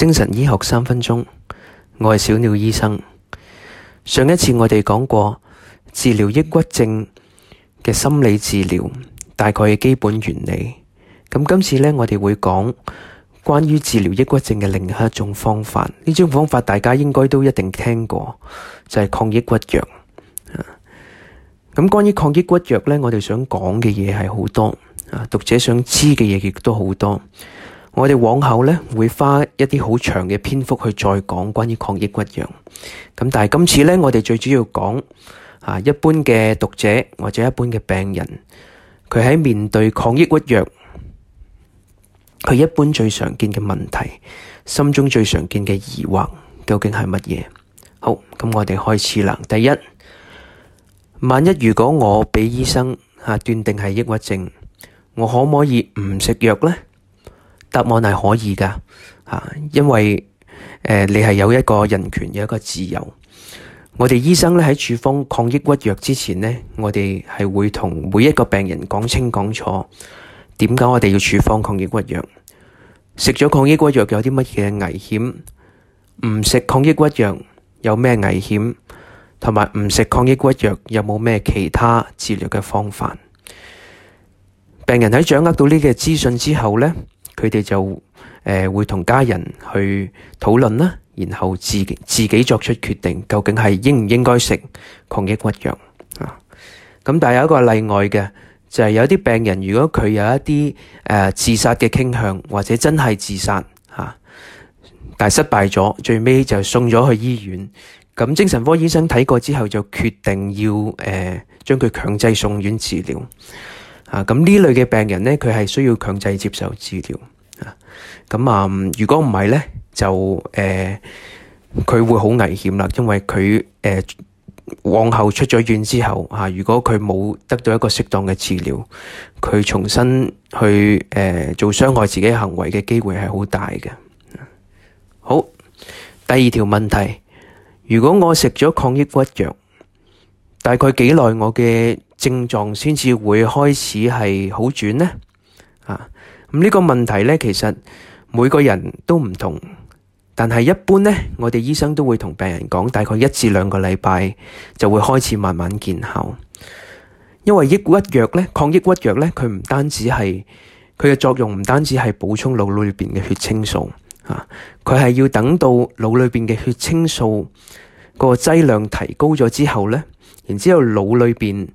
精神醫學三分鐘，我係小鳥醫生。上一次我哋講過治療抑鬱症嘅心理治療大概嘅基本原理。咁今次呢，我哋會講關於治療抑鬱症嘅另一種方法。呢種方法大家應該都一定聽過，就係抗抑鬱藥。咁關於抗抑鬱藥呢，我哋想講嘅嘢係好多，讀者想知嘅嘢亦都好多。我哋往後咧會花一啲好長嘅篇幅去再講關於抗抑鬱藥。咁但係今次咧，我哋最主要講吓一般嘅讀者或者一般嘅病人，佢喺面對抗抑鬱藥，佢一般最常見嘅問題，心中最常見嘅疑惑究竟係乜嘢？好，咁我哋開始啦。第一，萬一如果我畀醫生吓斷定係抑鬱症，我可唔可以唔食藥咧？答案係可以㗎嚇，因為誒，你係有一個人權，有一個自由。我哋醫生咧喺處方抗抑鬱藥之前咧，我哋係會同每一個病人講清講楚點解我哋要處方抗抑鬱藥，食咗抗抑鬱藥有啲乜嘢危險，唔食抗抑鬱藥有咩危險，同埋唔食抗抑鬱藥有冇咩其他治療嘅方法。病人喺掌握到呢個資訊之後咧。佢哋就誒會同家人去討論啦，然後自己自己作出決定，究竟係應唔應該食抗抑鬱藥啊？咁但係有一個例外嘅，就係、是、有啲病人如果佢有一啲誒、呃、自殺嘅傾向，或者真係自殺吓、啊，但係失敗咗，最尾就送咗去醫院，咁精神科醫生睇過之後就決定要誒、呃、將佢強制送院治療。啊，咁呢類嘅病人咧，佢係需要強制接受治療。啊，咁啊，如果唔係咧，就誒，佢會好危險啦，因為佢誒往後出咗院之後，啊，如果佢冇得到一個適當嘅治療，佢重新去誒做傷害自己行為嘅機會係好大嘅。好，第二條問題，如果我食咗抗抑鬱藥，大概幾耐我嘅症狀先至會開始係好轉呢？啊，咁呢個問題呢，其實每個人都唔同，但係一般呢，我哋醫生都會同病人講，大概一至兩個禮拜就會開始慢慢見效。因為抑鬱藥呢，抗抑鬱藥呢，佢唔單止係，佢嘅作用唔單止係補充腦裏邊嘅血清素啊。佢係要等到腦裏邊嘅血清素個劑量提高咗之後呢，然之後腦裏邊。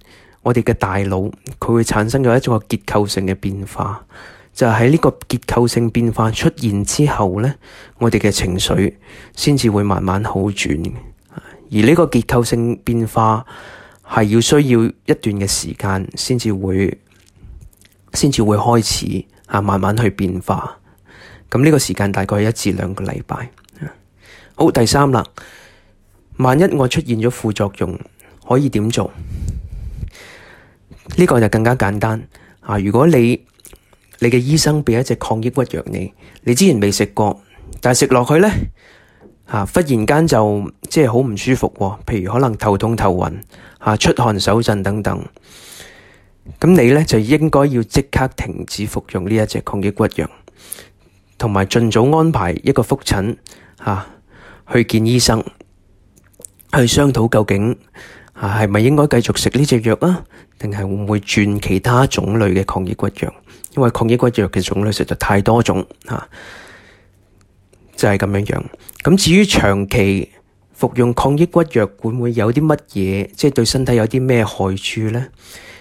我哋嘅大腦佢會產生咗一種結構性嘅變化，就係喺呢個結構性變化出現之後咧，我哋嘅情緒先至會慢慢好轉。而呢個結構性變化係要需要一段嘅時間先至會先至會開始啊，慢慢去變化。咁呢個時間大概係一至兩個禮拜。好，第三啦，萬一我出現咗副作用，可以點做？呢個就更加簡單啊！如果你你嘅醫生畀一隻抗抑鬱藥你，你之前未食過，但係食落去呢，啊，忽然間就即係好唔舒服，哦，譬如可能頭痛頭暈，啊，出汗手震等等，咁你呢，就應該要即刻停止服用呢一隻抗抑鬱藥，同埋盡早安排一個覆診，吓，去見醫生，去商討究竟。啊，係咪應該繼續食呢隻藥啊？定係會唔會轉其他種類嘅抗抑鬱藥？因為抗抑鬱藥嘅種類實在太多種，吓、啊、就係咁樣樣。咁至於長期服用抗抑鬱藥，會唔會有啲乜嘢，即、就、係、是、對身體有啲咩害處咧？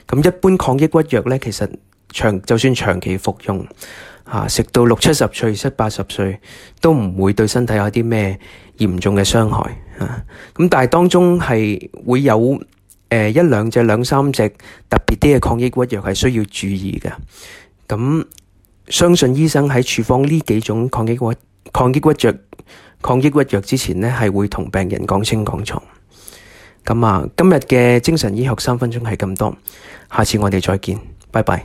咁一般抗抑鬱藥咧，其實長就算長期服用，啊食到六七十歲、七八十歲，都唔會對身體有啲咩嚴重嘅傷害。啊，咁但係當中係會有誒一兩隻兩三隻特別啲嘅抗抑鬱藥係需要注意嘅。咁相信醫生喺處方呢幾種抗抑鬱抗抑鬱藥抗抑鬱藥之前呢，係會同病人講清講楚。咁啊，今日嘅精神醫學三分鐘係咁多，下次我哋再見，拜拜。